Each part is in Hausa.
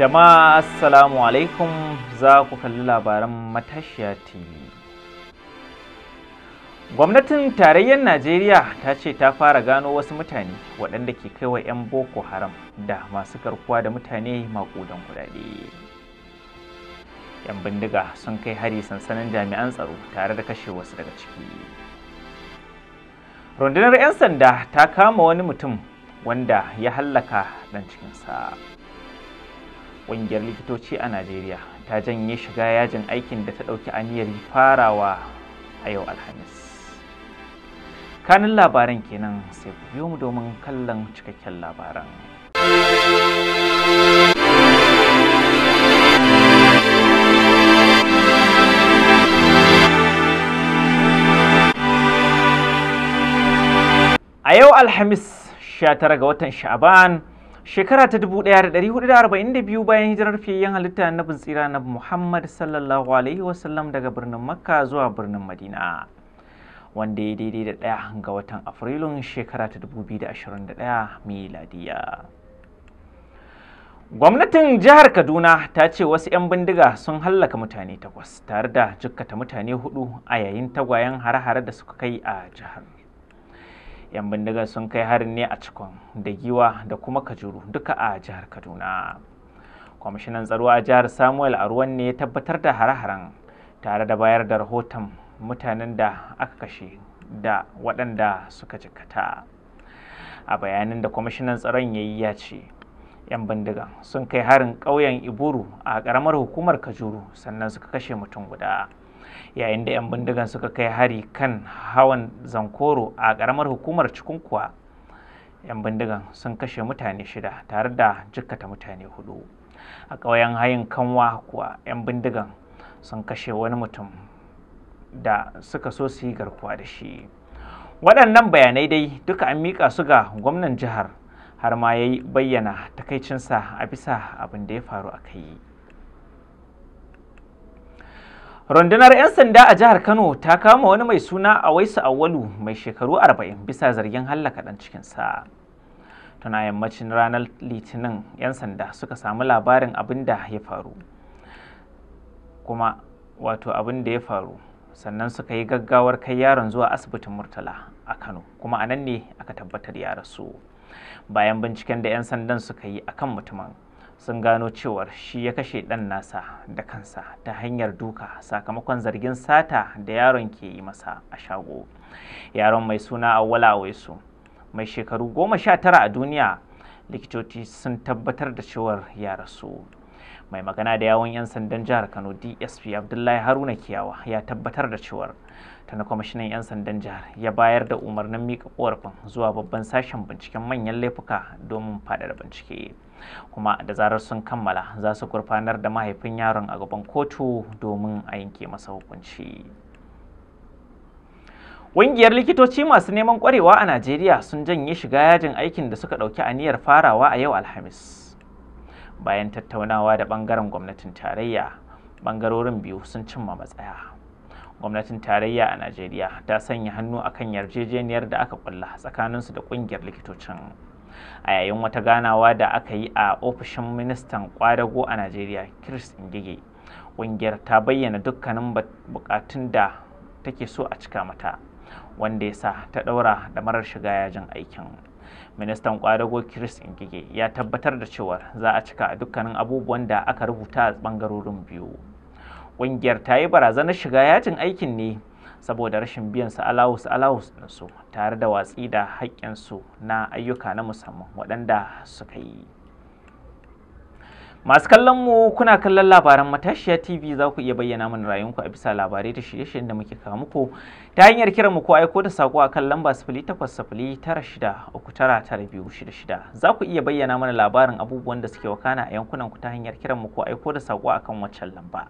Jama'a Assalamu alaikum za ku kalli labaran matashiya TV. Gwamnatin tarayyar Najeriya ta ce ta fara gano wasu mutane waɗanda ke kaiwa 'yan Boko Haram da masu karkuwa da mutane maƙudan kudade. 'Yan bindiga sun kai hari sansanin jami'an tsaro tare da kashe wasu daga ciki. Rundunar 'yan sanda ta kama wani mutum wanda ya hallaka ɗan cikinsa. ƙungiyar likitoci a najeriya ta janye shiga yajin aikin da ta ɗauki aniyar farawa a yau alhamis kanin labaran kenan sai ku biyo mu domin kallon cikakken labaran a yau alhamis 19 ga watan sha'aban Shekara ta 1442 bayan hijirar fiyayyen halitta annabin tsira na Muhammad sallallahu Alaihi wasallam daga birnin Makka zuwa birnin Madina. Wanda ya daidai da ɗaya ga watan Afrilun shekara ta 2021 miladiya. Gwamnatin jihar Kaduna ta ce wasu 'yan bindiga sun hallaka mutane takwas tare da jikkata mutane hudu a yayin tagwayen hare-hare da suka kai a jihar. 'yan bindigar sun kai harin ne a cikon da giwa da kuma kajuru duka a jihar kaduna kwamishinan tsaro a jihar samuel arwan ne ya tabbatar da hare-haren tare da bayar da rahoton mutanen da aka kashe da waɗanda suka jikkata a bayanin da kwamishinan tsaron ya yi ya ce 'yan bindiga sun kai harin ƙauyen iburu a ƙaramar hukumar kajuru sannan suka kashe mutum guda yayin da 'yan bindigan suka kai hari kan hawan zankoro a ƙaramar hukumar cikunkuwa 'yan bindigan sun kashe mutane shida tare da jikkata mutane hudu a ƙauyen hayin kanwa kuwa 'yan bindigan sun kashe wani mutum da suka so su yi garkuwa da shi waɗannan bayanai dai duka an miƙa su ga gwamnan jihar har ma ya bayyana takaicinsa a bisa abin da ya faru a kai rundunar 'yan sanda a jihar kano ta kama wani mai suna a awaisu awalu mai shekaru 40 bisa zargin hallaka dan cikinsa tuna yammacin ranar litinin 'yan sanda suka samu labarin abin da ya faru kuma wato abin da ya faru sannan suka yi gaggawar kai yaron zuwa asibitin murtala a kano kuma a nan ne aka tabbatar ya rasu bayan binciken da 'yan sandan suka yi akan mutumin sun gano cewar shi ya kashe ɗan nasa da kansa ta hanyar duka sakamakon zargin sata da yaron ke yi masa a shago yaron mai suna awwala waisu mai shekaru goma sha tara a duniya likitoci sun tabbatar da cewar ya rasu mai magana da yawon 'yan sandan jihar kano dsp abdullahi haruna kiyawa ya tabbatar da cewar ta na kwamishinan 'yan sandan jihar ya bayar da umarnin mika korafin zuwa babban sashen binciken manyan laifuka domin faɗaɗa bincike kuma da zarar sun kammala za su gurfanar da mahaifin yaron a gaban kotu domin a yanke masa hukunci Ƙungiyar likitoci masu neman ƙwarewa a Najeriya sun janye shiga yajin aikin da suka ɗauki aniyar farawa a yau Alhamis. Bayan tattaunawa da ɓangaren gwamnatin tarayya, ɓangarorin biyu sun cimma matsaya. Gwamnatin tarayya a Najeriya ta sanya hannu akan yarjejeniyar da aka ƙulla tsakaninsu da ƙungiyar likitocin. a yayin wata ganawa da aka yi a ofishin ministan kwadago a najeriya chris ngige ƙungiyar ta bayyana dukkanin bukatun da take so a cika mata wanda ya sa ta ɗaura da marar shiga yajin aikin ministan kwadago chris ngige ya tabbatar da cewa za a cika dukkanin abubuwan da aka rubuta a ɓangarorin biyu ƙungiyar ta yi barazanar shiga yajin aikin ne saboda rashin biyan su allowance allowance ɗinsu tare da watsi da haƙƙinsu na ayyuka na musamman waɗanda suka yi Masu kallon mu kuna kallon labaran matashiya TV za ku iya bayyana mana rayuwanku a bisa labarai da shirye-shiryen da muke kawo muku ta hanyar kiran mu ko aiko da sako a kan lamba sifili takwas shida Za ku iya bayyana mana labarin abubuwan da suke wakana a yankunan ku ta hanyar kiran mu ko aiko da sako a kan waccan lamba.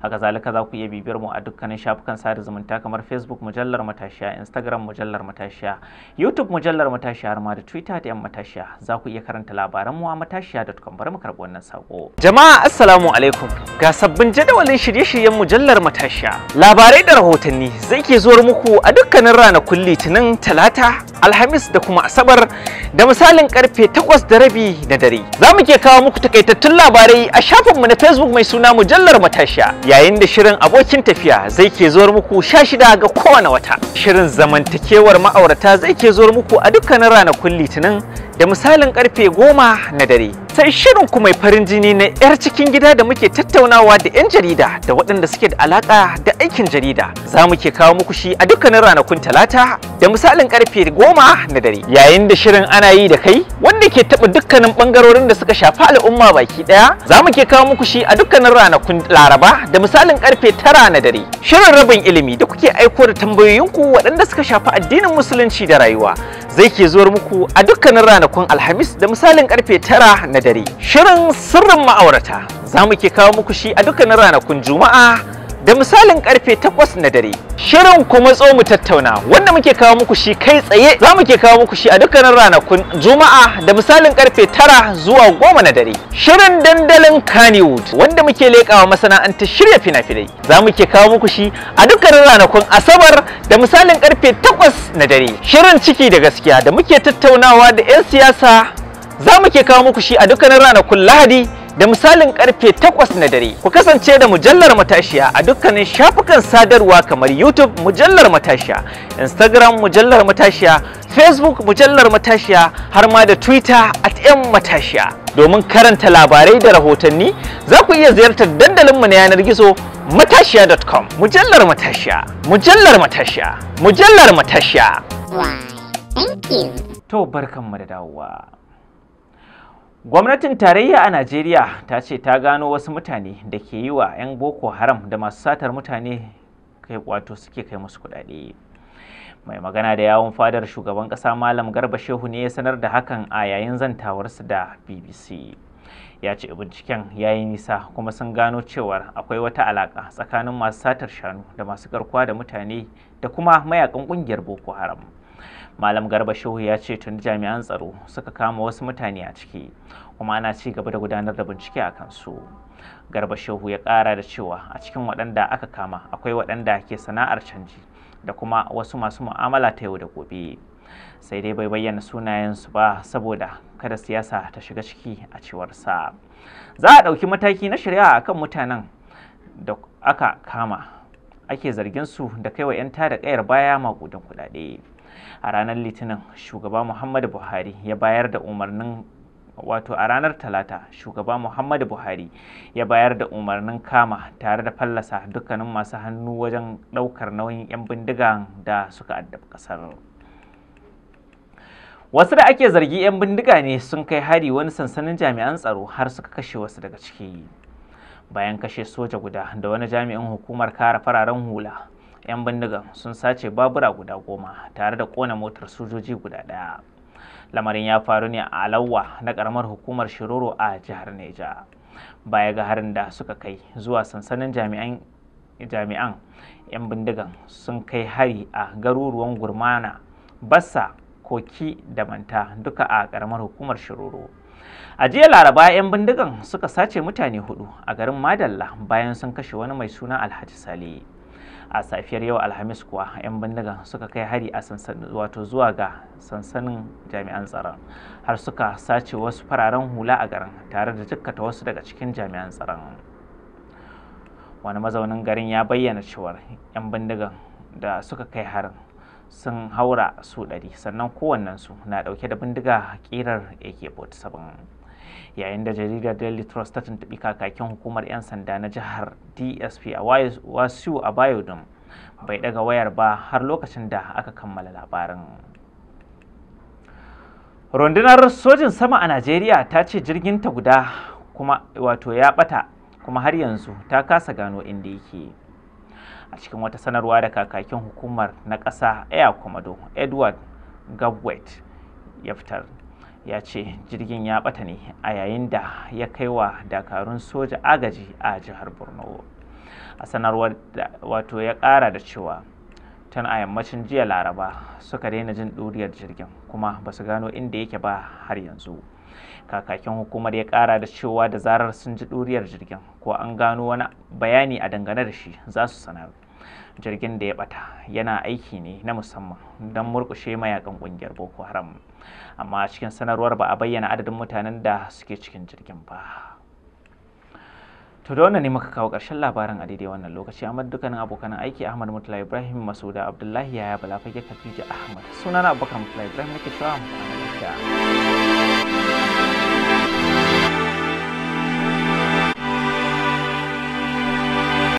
Haka zalika za ku iya bibiyar mu a dukkanin shafukan sada zumunta kamar Facebook mujallar matashiya, Instagram mujallar matashiya, YouTube mujallar matashiya har ma da Twitter da 'yan matashiya. Za ku iya karanta labaran mu a matashiya.com bari mu karɓi wannan sako. sako. Jama'a assalamu alaikum. Ga sabbin jadawalin shirye-shiryen mujallar matashiya. Labarai da rahotanni zai ke zuwar muku a dukkanin ranakun Litinin, Talata, Alhamis da kuma Asabar da misalin karfe 8 da rabi na dare. Za mu ke kawo muku takaitattun labarai a shafin mu na Facebook mai suna mujallar matashiya. Yayin da shirin abokin tafiya zai ke zuwar muku 16 ga kowane wata. Shirin zamantakewar ma'aurata zai ke zuwar muku a dukkanin ranakun Litinin da misalin karfe 10 na dare. Sai shirin ku mai farin jini na 'yar cikin gida da muke tattaunawa da 'yan jarida da waɗanda suke da alaƙa da aikin jarida za mu ke kawo muku shi a dukkanin ranakun talata da misalin karfe goma na dare yayin da shirin ana yi da kai wanda ke taɓa dukkanin ɓangarorin da suka shafi al'umma baki ɗaya za mu ke kawo muku shi a dukkanin ranakun laraba da misalin karfe tara na dare shirin rabin ilimi da kuke aiko da tambayoyinku waɗanda suka shafi addinin musulunci da rayuwa zai ke zuwar muku a dukkanin ranakun alhamis da misalin karfe tara na dare shirin sirrin ma'aurata za mu ke kawo muku shi a dukkanin ranakun juma'a da misalin karfe 8 na dare. Shirin kuma tso mu tattauna wanda muke kawo muku shi kai tsaye za mu ke kawo muku shi a dukkanin ranakun Juma'a da misalin karfe 9 zuwa 10 na dare. Shirin dandalin Kannywood wanda muke lekawa masana'antar shirya fina-finai za mu ke kawo muku shi a dukkanin ranakun Asabar da misalin karfe 8 na dare. Shirin ciki da gaskiya da muke tattaunawa da 'yan siyasa za mu ke kawo muku shi a dukkanin ranakun Lahadi da misalin karfe 8 na dare. Ku kasance da mujallar matashiya a dukkanin shafukan sadarwa kamar YouTube mujallar matashiya, Instagram mujallar matashiya, Facebook mujallar matashiya har ma da Twitter at M matashiya. Domin karanta labarai da rahotanni za ku iya ziyartar dandalinmu na yanar gizo matashiya.com mujallar matashiya mujallar matashiya mujallar matashiya. Wow, thank you. To barkanmu da dawowa. Gwamnatin tarayya a Najeriya ta ce ta gano wasu mutane da ke yi wa 'yan Boko Haram da masu satar mutane kai wato suke kai musu kuɗaɗe. Mai magana da yawon fadar shugaban ƙasa Malam Garba Shehu ne ya sanar da hakan a yayin zantawarsu da BBC. Ya ce binciken ya yi nisa kuma sun gano cewar akwai wata alaƙa tsakanin masu satar shanu da masu garkuwa da mutane da kuma mayakan ƙungiyar Boko Haram. malam garba shehu ya ce tun jami'an tsaro suka kama wasu mutane a ciki kuma ana ci gaba da gudanar da bincike a kansu garba shehu ya ƙara da cewa a cikin waɗanda aka kama akwai waɗanda ke sana'ar canji da kuma wasu masu mu'amala ta yau da gobe sai dai bai bayyana sunayensu ba saboda kada siyasa ta shiga ciki a cewar sa. za a ɗauki mataki na shari'a akan mutanen da aka kama ake zargin su da kaiwa 'yan tada kayar baya makudan kuɗaɗe. a ranar litinin shugaba muhammadu buhari ya bayar da umarnin wato a ranar talata shugaba muhammadu buhari ya bayar da umarnin kama tare da fallasa dukkanin masu hannu wajen ɗaukar nauyin 'yan bindiga da suka addab ƙasar wasu da ake zargi 'yan bindiga ne sun kai hari wani sansanin jami'an tsaro har suka kashe wasu daga ciki bayan kashe soja guda da wani jami'in hukumar kara fararen hula 'yan bindigan sun sace babura guda goma tare da kona motar sojoji guda ɗaya lamarin ya faru ne a alawwa na karamar hukumar shiroro a jihar neja baya ga harin da suka kai zuwa sansanin jami'an jami'an 'yan bindigan sun kai hari a garuruwan gurmana bassa koki da manta duka a ƙaramar hukumar shiroro a jiya laraba 'yan bindigan suka sace mutane hudu a garin madalla bayan sun kashe wani mai suna alhaji sale a safiyar yau alhamis kuwa 'yan bindigan suka kai hari a sansanin wato zuwa ga sansanin jami'an tsaron har suka sace wasu fararen hula a garin tare da jikkata wasu daga cikin jami'an tsaron wani mazaunin garin ya bayyana cewar 'yan bindigan da suka kai harin sun haura su ɗari sannan kowannensu na ɗauke da bindiga ƙirar ak-47 yayin da jaridar daily trust ta tuntuɓi kakakin hukumar 'yan sanda na jihar dsp a wasu a bayodun bai daga wayar ba har lokacin da aka kammala labarin rundunar sojin sama a najeriya ta ce jirginta guda kuma wato ya bata kuma har yanzu ta kasa gano inda yake a cikin wata sanarwa da kakakin hukumar na ƙasa air commodore edward gabwet ya fitar ya ce jirgin ya bata ne a yayin da ya kai wa dakarun soja agaji a jihar borno a sanarwar wato ya kara da cewa tun a yammacin jiya laraba suka daina jin duriyar jirgin kuma ba su gano inda yake ba har yanzu kakakin hukumar ya kara da cewa da zarar sun ji ɗuriyar jirgin ko an gano wani bayani a dangane da shi za su sanar jirgin da ya bata yana aiki ne na musamman don murkushe mayakan kungiyar boko haram amma cikin sanarwar ba a bayyana adadin mutanen da suke cikin jirgin ba to da wannan ne muka kawo ƙarshen labarin a daidai wannan lokaci amma dukkanin abokan aiki ahmad mutla ibrahim masuda abdullahi yaya bala khadija ahmad sunana abubakar mutla ibrahim nake cewa mu da